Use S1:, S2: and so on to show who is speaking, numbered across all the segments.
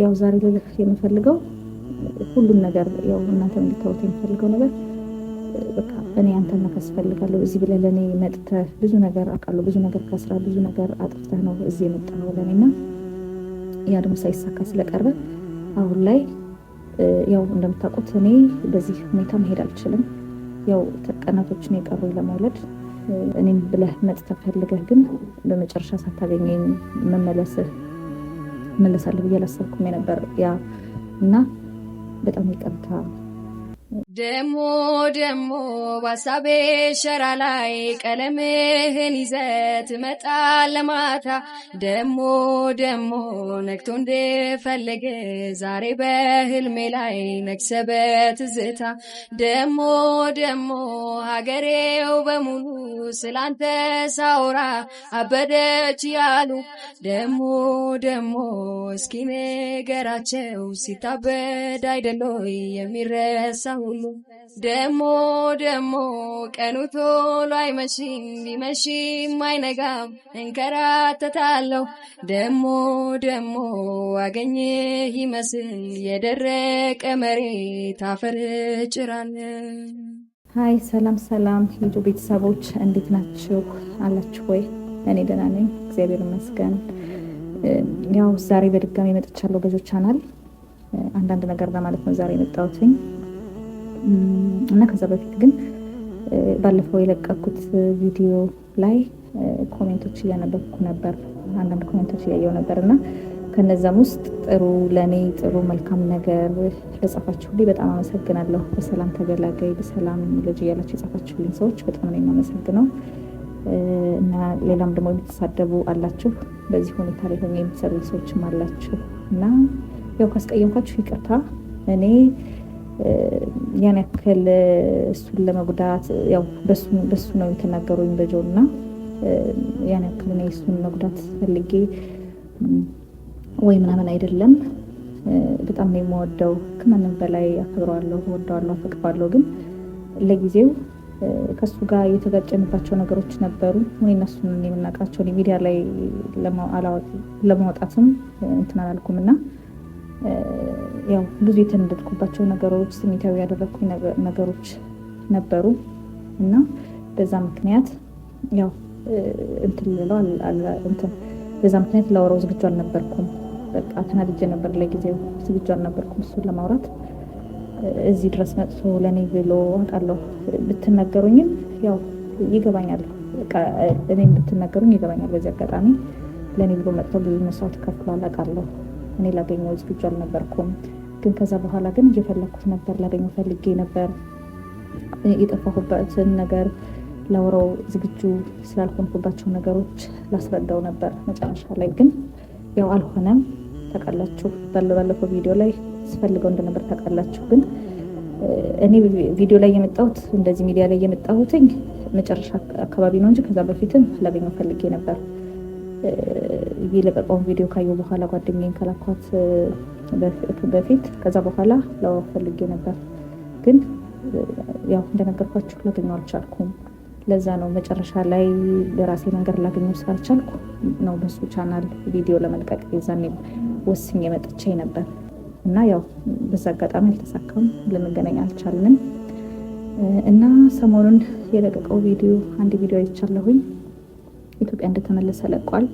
S1: ያው ዛሬ ልልክሽ የምፈልገው ሁሉም ነገር ያው እናንተ እንድታወት የምፈልገው ነገር በቃ እኔ አንተ መካስ እፈልጋለሁ። እዚህ ብለህ ለእኔ መጥተህ ብዙ ነገር አውቃለሁ፣ ብዙ ነገር ከስራ ብዙ ነገር አጥፍተህ ነው እዚህ የመጣኸው ለእኔ እና ያ ደግሞ ሳይሳካ ስለቀረ አሁን ላይ ያው እንደምታውቁት እኔ በዚህ ሁኔታ መሄድ አልችልም። ያው ቀናቶችን የቀሩኝ ለመውለድ እኔም ብለህ መጥተህ ፈልገህ ግን በመጨረሻ ሳታገኘኝ መመለስህ መለሳለሁ ብዬ አላሰብኩም የነበር ያ እና በጣም ይቅርታ ደሞ ደሞ ባሳቤ ሸራ ላይ ቀለምህን ይዘት መጣ ለማታ ደሞ ደሞ ነግቶ እንደፈለገ ዛሬ በህልሜ ላይ ነግሰበት ዝታ ደሞ ደሞ ሀገሬው በሙሉ ስላንተ ሳውራ አበደች ያሉ ደሞ ደሞ እስኪ ነገራቸው ሲታበድ አይደሎይ የሚረሳው ደሞ ደሞ ቀኑ ቶሎ አይመሽም ቢመሽም አይነጋም እንከራተታለሁ ደሞ ደሞ አገኘ ይመስል የደረቀ መሬት አፈር ጭራን። ሀይ ሰላም ሰላም፣ ሂዱ ቤተሰቦች እንዴት ናችሁ? አላችሁ ወይ? እኔ ደህና ነኝ እግዚአብሔር ይመስገን። ያው ዛሬ በድጋሚ መጥቻለሁ በጆ ቻናል አንዳንድ ነገር ለማለት ነው ዛሬ የመጣሁትኝ እና ከዛ በፊት ግን ባለፈው የለቀኩት ቪዲዮ ላይ ኮሜንቶች እያነበብኩ ነበር። አንዳንድ ኮሜንቶች እያየው ነበር እና ከነዚም ውስጥ ጥሩ ለእኔ ጥሩ መልካም ነገር ለጻፋችሁልኝ በጣም አመሰግናለሁ። በሰላም ተገላጋይ፣ በሰላም ልጅ እያላችሁ የጻፋችሁልኝ ሰዎች በጣም ነው የማመሰግነው። እና ሌላም ደግሞ የምትሳደቡ አላችሁ፣ በዚህ ሁኔታ ላይ ሆኜ የምትሰሩ ሰዎችም አላችሁ እና ያው ካስቀየምኳችሁ ይቅርታ እኔ ያን ያክል እሱን ለመጉዳት ያው በሱ ነው የተናገሩኝ በጆ እና ያን ያክል እኔ እሱን መጉዳት ፈልጌ ወይ ምናምን አይደለም። በጣም ነው የምወደው፣ ከማንም በላይ አከብረዋለሁ፣ ወደዋለሁ፣ አፈቅረዋለሁ። ግን ለጊዜው ከእሱ ጋር የተጋጨንባቸው ነገሮች ነበሩ። እኔ እነሱን የምናውቃቸውን ሚዲያ ላይ ለማውጣትም እንትን አላልኩም እና ያው ብዙ የተነደድኩባቸው ነገሮች፣ ስሜታዊ ያደረግኩ ነገሮች ነበሩ እና በዛ ምክንያት ያው እንትን ልለው በዛ ምክንያት ላወራው ዝግጁ አልነበርኩም። በቃ ተናድጄ ነበር። ለጊዜው ዝግጁ አልነበርኩም እሱን ለማውራት እዚህ ድረስ መጥቶ ለእኔ ብሎ አውቃለሁ። ብትነገሩኝም ያው ይገባኛል። እኔም ብትነገሩኝ ይገባኛል። በዚህ አጋጣሚ ለእኔ ብሎ መጥቶ ብዙ መስዋዕት ከፍሏል አውቃለሁ። እኔ ላገኘው ዝግጁ አልነበርኩም። ግን ከዛ በኋላ ግን እየፈለግኩት ነበር፣ ላገኘው ፈልጌ ነበር። የጠፋሁበትን ነገር ላውረው ዝግጁ ስላልሆንኩባቸው ነገሮች ላስረዳው ነበር። መጨረሻ ላይ ግን ያው አልሆነም። ታውቃላችሁ፣ ባለፈው ቪዲዮ ላይ ስፈልገው እንደነበር ታውቃላችሁ። ግን እኔ ቪዲዮ ላይ የመጣሁት እንደዚህ ሚዲያ ላይ የመጣሁትኝ መጨረሻ አካባቢ ነው እንጂ ከዛ በፊትም ላገኘው ፈልጌ ነበር። የለቀቀውን ቪዲዮ ካየው በኋላ ጓደኛዬን ከላኳት በፊት ከዛ በኋላ ለወቅ ፈልጌ ነበር፣ ግን ያው እንደነገርኳችሁ ላገኘው አልቻልኩም። ለዛ ነው መጨረሻ ላይ በራሴ መንገድ ላገኘው ስላልቻልኩ ነው በሱ ቻናል ቪዲዮ ለመልቀቅ የዛኔ ወስኜ መጥቼ ነበር እና ያው በዛ አጋጣሚ አልተሳካም፣ ልንገናኝ አልቻልንም። እና ሰሞኑን የለቀቀው ቪዲዮ አንድ ቪዲዮ አይቻለሁኝ ኢትዮጵያ እንደተመለሰ ለቋል።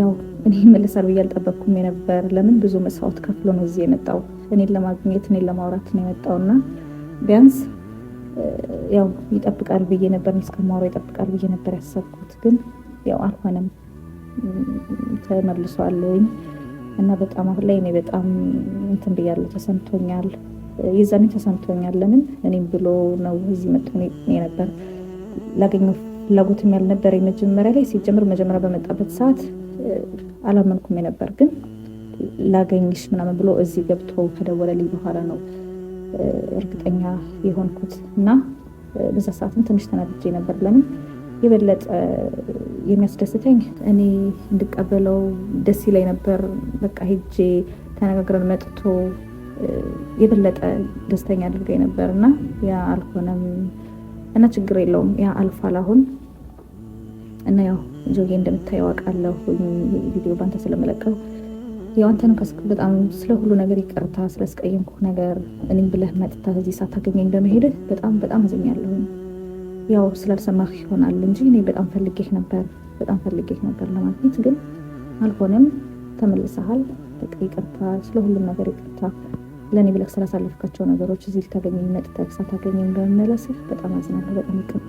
S1: ያው እኔ መለሳል ብዬ አልጠበቅኩም የነበር። ለምን ብዙ መስዋዕት ከፍሎ ነው እዚህ የመጣው እኔን ለማግኘት እኔን ለማውራት ነው የመጣው እና ቢያንስ ያው ይጠብቃል ብዬ ነበር፣ እስከማውራ ይጠብቃል ብዬ ነበር ያሰብኩት። ግን ያው አልሆነም፣ ተመልሷል እና በጣም አሁን ላይ እኔ በጣም እንትን ብያለሁ፣ ተሰምቶኛል። የዛኔ ተሰምቶኛል። ለምን እኔም ብሎ ነው እዚህ መጥቶ ነበር ላገኘው ፍላጎትም ያልነበረ የመጀመሪያ ላይ ሲጀምር መጀመሪያ በመጣበት ሰዓት አላመንኩም የነበር ግን ላገኝሽ ምናምን ብሎ እዚህ ገብቶ ከደወለልኝ በኋላ ነው እርግጠኛ የሆንኩት እና በዛ ሰዓትም ትንሽ ተናድጄ ነበር። ለምን የበለጠ የሚያስደስተኝ እኔ እንድቀበለው ደስ ይለኝ ነበር። በቃ ሄጄ ተነጋግረን መጥቶ የበለጠ ደስተኛ አድርገኝ ነበር እና ያ አልሆነም። እና ችግር የለውም ያ አልፏል አሁን እና ያው ጆጌ እንደምታየው አውቃለሁ ቪዲዮ ባንተ ስለመለቀው ያው አንተንም በጣም ስለ ሁሉ ነገር ይቅርታ ስለስቀየምኩ ነገር እኔም ብለህ መጥታ እዚህ ሳታገኘኝ በመሄድህ በጣም በጣም አዝኛለሁ። ያው ስላልሰማህ ይሆናል እንጂ እኔ በጣም ፈልጌህ ነበር በጣም ፈልጌህ ነበር ለማግኘት ግን አልሆነም። ተመልሰሃል። በቃ ይቅርታ፣ ስለ ሁሉም ነገር ይቅርታ። ለእኔ ብለህ ስላሳለፍካቸው ነገሮች እዚህ ልታገኘኝ መጥተህ ሳታገኘኝ በመመለስህ በጣም አዝናለሁ። በጣም ይቅርታ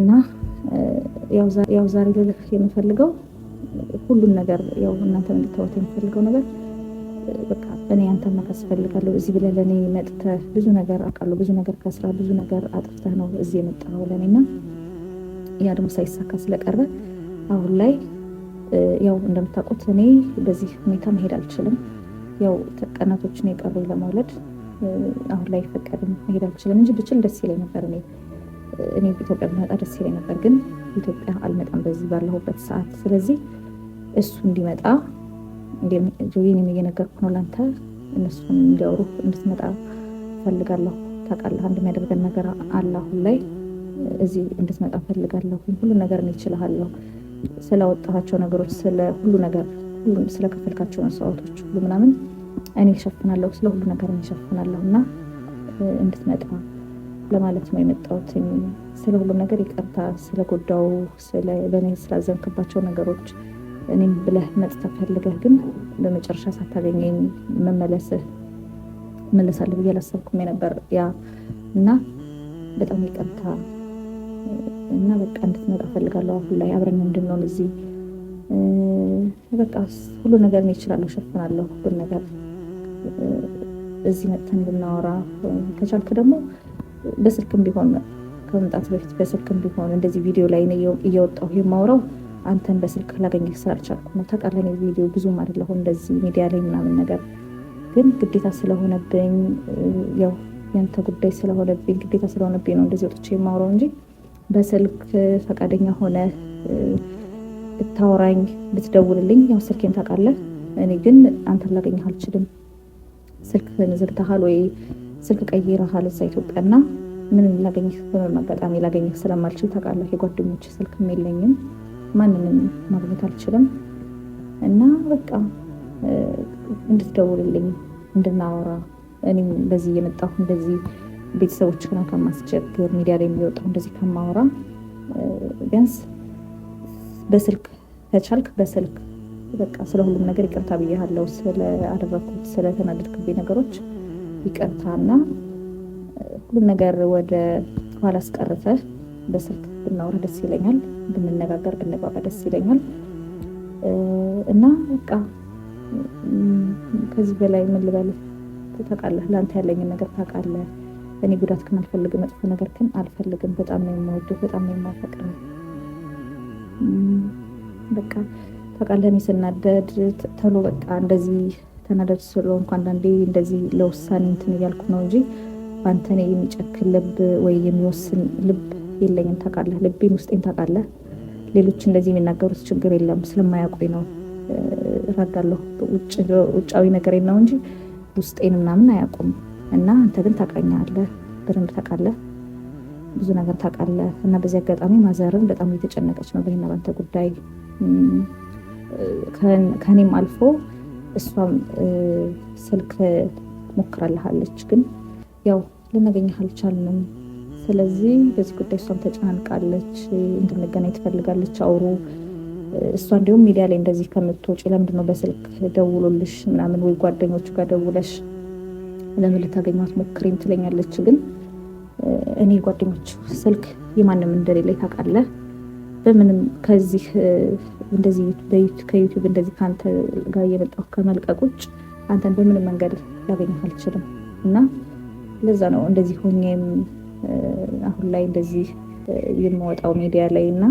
S1: እና ያው ዛሬ ልልህ የምፈልገው ሁሉን ነገር ያው እናንተ እንድታወት የምፈልገው ነገር በቃ እኔ አንተ መካስ ፈልጋለሁ። እዚህ ብለህ ለእኔ መጥተህ ብዙ ነገር አውቃለሁ፣ ብዙ ነገር ከስራ ብዙ ነገር አጥፍተህ ነው እዚህ የመጣኸው ለእኔና ያ ደግሞ ሳይሳካ ስለቀረ አሁን ላይ ያው እንደምታውቁት እኔ በዚህ ሁኔታ መሄድ አልችልም። ያው ቀናቶችን የቀሩ ለመውለድ አሁን ላይ አይፈቀድም፣ መሄድ አልችልም እንጂ ብችል ደስ ይለኝ ነበር። እኔ እኔ ኢትዮጵያ ብመጣ ደስ ይለኝ ነበር፣ ግን ኢትዮጵያ አልመጣም በዚህ ባለሁበት ሰዓት። ስለዚህ እሱ እንዲመጣ ጆዬንም እየነገርኩ ነው ለአንተ፣ እነሱን እንዲያወሩ እንድትመጣ ፈልጋለሁ። ታውቃለህ፣ አንድ የሚያደርገን ነገር አለ። አሁን ላይ እዚህ እንድትመጣ ፈልጋለሁ። ሁሉ ነገር እኔ እችልሃለሁ። ስላወጣኋቸው ነገሮች ስለ ሁሉ ነገር ሁሉም ስለከፈልካቸው መስዋዕቶች ሁሉ ምናምን እኔ ይሸፍናለሁ፣ ስለ ሁሉ ነገር ይሸፍናለሁ እና እንድትመጣ ለማለት ነው የመጣሁት። ስለ ሁሉም ነገር ይቅርታ ስለጎዳው፣ በእኔ ስላዘንክባቸው ነገሮች እኔም ብለህ መጥተህ ፈልገህ ግን በመጨረሻ ሳታገኘኝ መመለስህ እመለሳለሁ ብዬ አላሰብኩም የነበር ያ እና በጣም ይቅርታ እና በቃ እንድትመጣ ፈልጋለሁ። አሁን ላይ አብረን እንድንሆን እዚህ በቃ ሁሉ ነገር ነው ይችላለሁ፣ ሸፍናለሁ ሁሉ ነገር እዚህ መጥተን ብናወራ ከቻልክ ደግሞ በስልክም ቢሆን ከመምጣት በፊት በስልክም ቢሆን እንደዚህ ቪዲዮ ላይ እየወጣሁ የማውራው አንተን በስልክ ላገኘ ስላልቻልኩ ነው። ታውቃለህ፣ ቪዲዮ ብዙም አይደለሁም እንደዚህ ሚዲያ ላይ ምናምን ነገር ግን ግዴታ ስለሆነብኝ ያው ያንተ ጉዳይ ስለሆነብኝ ግዴታ ስለሆነብኝ ነው እንደዚህ ወጥቼ የማውራው እንጂ በስልክ ፈቃደኛ ሆነ ብታወራኝ ብትደውልልኝ፣ ያው ስልኬን ታውቃለህ። እኔ ግን አንተን ላገኘህ አልችልም። ስልክ ዘግተሃል ወይ ስልክ ቀይረሃል እዛ ኢትዮጵያ እና ምንም ላገኘህ በምንም አጋጣሚ ላገኘህ ስለማልችል ታውቃለህ። የጓደኞች ስልክም የለኝም ማንንም ማግኘት አልችልም። እና በቃ እንድትደውልልኝ እንድናወራ እኔም በዚህ የመጣሁ እንደዚህ ቤተሰቦች ከማስቸግር ሚዲያ ላይ የሚወጣው እንደዚህ ከማወራ ቢያንስ በስልክ ከቻልክ በስልክ በቃ ስለ ሁሉም ነገር ይቅርታ ብያለሁ፣ ስለአደረኩት ስለተናደድክብኝ ነገሮች ይቅርታና ሁሉም ነገር ወደ ኋላ አስቀርተህ በስልክ ብናወራ ደስ ይለኛል፣ ብንነጋገር ብንግባባ ደስ ይለኛል እና በቃ ከዚህ በላይ ምን ልበል? ታውቃለህ፣ ለአንተ ያለኝን ነገር ታውቃለህ። እኔ ጉዳትክን አልፈልግም፣ መጥፎ ነገርክን አልፈልግም። በጣም ነው የምወድህ፣ በጣም ነው የማፈቅርህ በቃ ታውቃለህ፣ እኔ ስናደድ ተሎ በቃ እንደዚህ ተናዳጅ ስለሆንኩ አንዳንዴ እንደዚህ ለውሳኔ እንትን እያልኩ ነው እንጂ በአንተ እኔ የሚጨክን ልብ ወይ የሚወስን ልብ የለኝም። ታውቃለህ፣ ልቤን ውስጤን ታውቃለህ። ሌሎች እንደዚህ የሚናገሩት ችግር የለም ስለማያውቁኝ ነው እረዳለሁ። ውጫዊ ነገሬን ነው እንጂ ውስጤን ምናምን አያውቁም። እና አንተ ግን ታውቃኛለህ፣ በደንብ ታውቃለህ። ብዙ ነገር ታውቃለህ እና በዚህ አጋጣሚ ማዘርም በጣም እየተጨነቀች ነው በእኔና በአንተ ጉዳይ ከኔም አልፎ እሷም ስልክ ሞክራልሃለች፣ ግን ያው ልናገኝህ አልቻልንም። ስለዚህ በዚህ ጉዳይ እሷም ተጨናንቃለች፣ እንድንገናኝ ትፈልጋለች። አውሩ እሷ እንዲሁም ሚዲያ ላይ እንደዚህ ከምትወጪ ለምንድነው በስልክ ደውሎልሽ ምናምን ወይ ጓደኞቹ ጋር ደውለሽ ለምን ልታገኟት ሞክሪም ትለኛለች ግን እኔ ጓደኞች ስልክ የማንም እንደሌለ ታውቃለህ። በምንም ከዚህ እንደዚህ ከዩቲዩብ እንደዚህ ከአንተ ጋር እየመጣሁ ከመልቀቅ ውጭ አንተን በምንም መንገድ ላገኘህ አልችልም እና ለዛ ነው እንደዚህ ሆኜም አሁን ላይ እንደዚህ የማወጣው ሚዲያ ላይ እና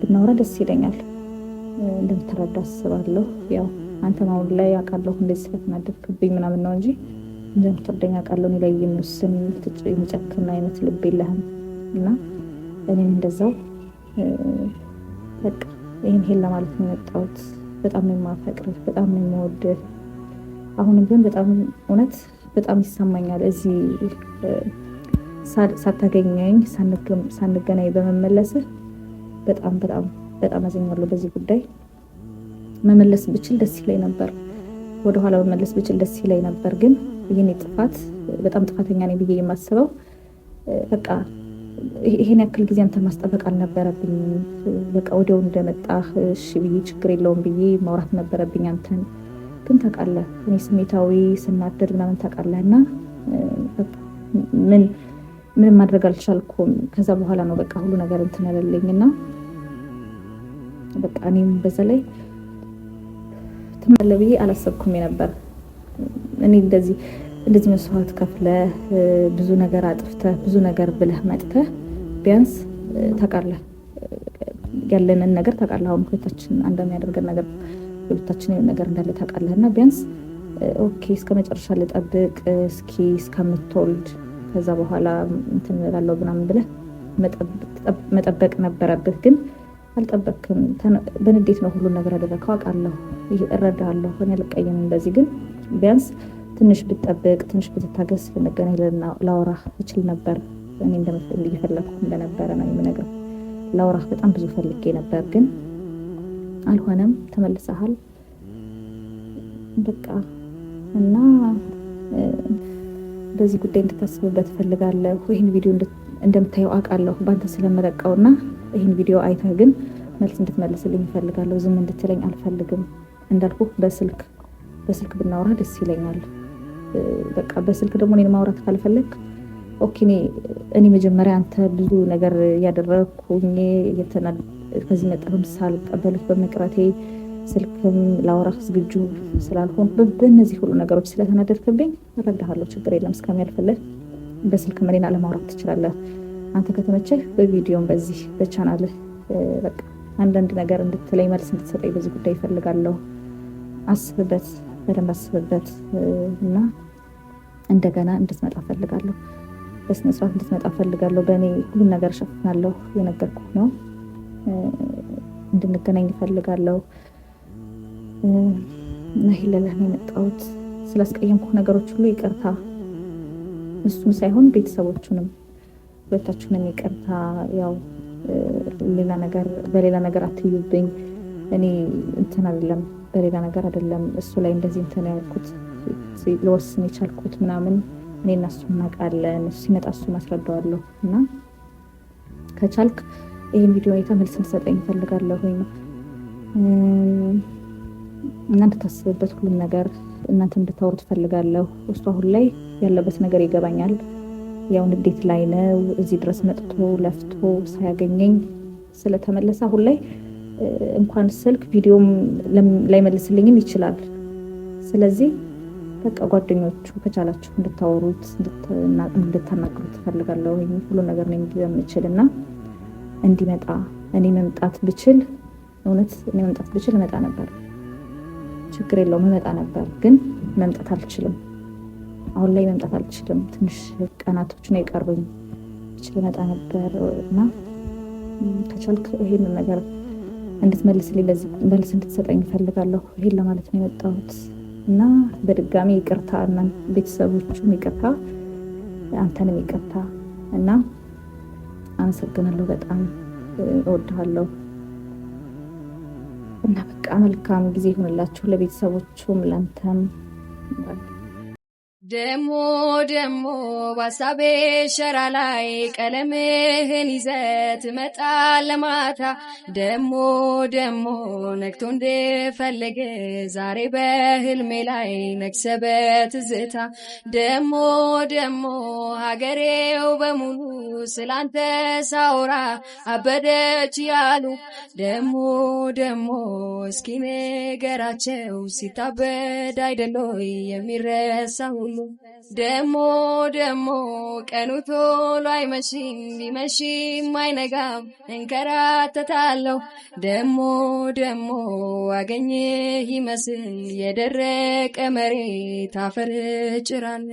S1: ብናወራ ደስ ይለኛል። እንደምትረዳ አስባለሁ። ያው አንተም አሁን ላይ አውቃለሁ እንደዚህ ስለተናደድክብኝ ምናምን ነው እንጂ እንደምትወደኝ አውቃለሁ። እኔ ላይ የሚወስን የሚጨክን አይነት ልብ የለህም እና እኔም እንደዛው በቃ ይህን ሄል ለማለት ነው የመጣሁት። በጣም የማፈቅርህ በጣም የማወድህ አሁንም ግን በጣም እውነት በጣም ይሰማኛል እዚህ ሳታገኘኝ ሳንገናኝ በመመለስህ በጣም በጣም በጣም አዘኛለሁ። በዚህ ጉዳይ መመለስ ብችል ደስ ይለኝ ነበር። ወደኋላ በመለስ ብችል ደስ ይለኝ ነበር። ግን ይህኔ ጥፋት በጣም ጥፋተኛ ነኝ ብዬ የማስበው በቃ ይሄን ያክል ጊዜ አንተ ማስጠበቅ አልነበረብኝ። በቃ ወዲያው እንደመጣ እሺ ብዬ ችግር የለውም ብዬ ማውራት ነበረብኝ አንተን። ግን ታውቃለህ እኔ ስሜታዊ ስናደድ ምናምን ታውቃለህ። እና ምን ምንም ማድረግ አልቻልኩም። ከዛ በኋላ ነው በቃ ሁሉ ነገር እንትን ያለልኝ እና በቃ እኔም በዛ ላይ ትማለ ብዬ አላሰብኩም የነበር እኔ እንደዚህ እንደዚህ መስዋዕት ከፍለ ብዙ ነገር አጥፍተ ብዙ ነገር ብለህ መጥተ ቢያንስ ታውቃለህ፣ ያለንን ነገር ታውቃለህ። አሁን ሁለታችን አንድ የሚያደርገን ነገር ሁለታችን የሆነ ነገር እንዳለ ታውቃለህ። እና ቢያንስ ኦኬ እስከ መጨረሻ ልጠብቅ እስኪ እስከምትወልድ ከዛ በኋላ እንትን እላለሁ ምናምን ብለህ መጠበቅ ነበረብህ ግን አልጠበቅክም። በንዴት ነው ሁሉን ነገር ያደረግከው አውቃለሁ፣ እረዳለሁ። እኔ አልቀየምም። እንደዚህ ግን ቢያንስ ትንሽ ብጠብቅ፣ ትንሽ ብትታገስ ብንገናኝ ላውራህ እችል ነበር። እኔ እየፈለግኩ እንደነበረ ነው የምነግርህ። ላውራህ በጣም ብዙ ፈልጌ ነበር፣ ግን አልሆነም። ተመልሰሃል በቃ እና በዚህ ጉዳይ እንድታስብበት እፈልጋለሁ። ይህን ቪዲዮ እንደምታየው አውቃለሁ ባንተ ስለመለቀውና ይህን ቪዲዮ አይተህ ግን መልስ እንድትመልስልኝ ይፈልጋለሁ። ዝም እንድትለኝ አልፈልግም። እንዳልኩ በስልክ በስልክ ብናወራ ደስ ይለኛል። በቃ በስልክ ደግሞ እኔን ማውራት ካልፈለግ ኦኬ፣ እኔ መጀመሪያ አንተ ብዙ ነገር እያደረግኩ ከዚህ ነጥብም ሳልቀበሉት በመቅረቴ ስልክም ላወራህ ዝግጁ ስላልሆን በእነዚህ ሁሉ ነገሮች ስለተናደድክብኝ እረዳሃለሁ። ችግር የለም እስከሚያልፍልህ በስልክ መሌና ለማውራት ትችላለህ። አንተ ከተመቸህ በቪዲዮም በዚህ በቻናልህ በቃ አንዳንድ ነገር እንድትለይ መልስ እንድትሰጠኝ በዚህ ጉዳይ ይፈልጋለሁ። አስብበት፣ በደንብ አስብበት እና እንደገና እንድትመጣ ፈልጋለሁ። በስነ ስርዓት እንድትመጣ ፈልጋለሁ። በእኔ ሁሉን ነገር እሸፍናለሁ። የነገርኩ ነው። እንድንገናኝ ይፈልጋለሁ። ናሂ ልልህ ነው የመጣሁት። ስላስቀየምኩ ነገሮች ሁሉ ይቅርታ እሱም ሳይሆን ቤተሰቦቹንም ሁለታችሁንም ይቅርታ፣ ያው ሌላ ነገር በሌላ ነገር አትዩብኝ። እኔ እንትን አይደለም በሌላ ነገር አይደለም እሱ ላይ እንደዚህ እንትን ያልኩት ልወስን የቻልኩት ምናምን እኔ እና እሱ እናውቃለን። እሱ ሲመጣ እሱ አስረዳዋለሁ እና ከቻልክ ይህን ቪዲዮ ሁኔታ መልስ እንድትሰጠኝ እፈልጋለሁኝ። እናንተ ታስብበት ሁሉም ነገር እናንተ እንድታወሩ ትፈልጋለሁ። ውስጡ አሁን ላይ ያለበት ነገር ይገባኛል። ያው ንዴት ላይ ነው። እዚህ ድረስ መጥቶ ለፍቶ ሳያገኘኝ ስለተመለሰ አሁን ላይ እንኳን ስልክ ቪዲዮም ላይመልስልኝም ይችላል። ስለዚህ በቃ ጓደኞቹ ከቻላችሁ እንድታወሩት እንድታናግሩት ትፈልጋለሁ። ሁሉ ነገር ነው የምችል እና እንዲመጣ እኔ መምጣት ብችል እውነት እኔ መምጣት ብችል እመጣ ነበር። ችግር የለውም እመጣ ነበር፣ ግን መምጣት አልችልም። አሁን ላይ መምጣት አልችልም። ትንሽ ቀናቶች ነው የቀርበኝ። ችል መጣ ነበር እና ከቻልክ ይሄንን ነገር እንድትመልስልኝ መልስ እንድትሰጠኝ እፈልጋለሁ። ይሄን ለማለት ነው የመጣሁት እና በድጋሚ ይቅርታ እና ቤተሰቦቹም ይቅርታ፣ አንተንም ይቅርታ እና አመሰግናለሁ። በጣም እወድሃለሁ። እና በቃ መልካም ጊዜ ይሆንላችሁ ለቤተሰቦቹም ለንተም ደሞ ደሞ ባሳቤ ሸራ ላይ ቀለምህን ይዘት መጣ ለማታ ደሞ ደሞ ነግቶ እንደፈለገ ዛሬ በህልሜ ላይ ነግሰበት ዝታ ደሞ ደሞ ሀገሬው በሙሉ ስላንተ ሳውራ አበደች ያሉ ደሞ ደሞ እስኪ ነገራቸው ሲታበድ አይደሎይ የሚረሳ ሁሉ ደሞ ደሞ ቀኑ ቶሎ አይመሽም ቢመሽም አይነጋም እንከራተታለሁ ደሞ ደሞ አገኘ ይመስል የደረቀ መሬት አፈር ጭራን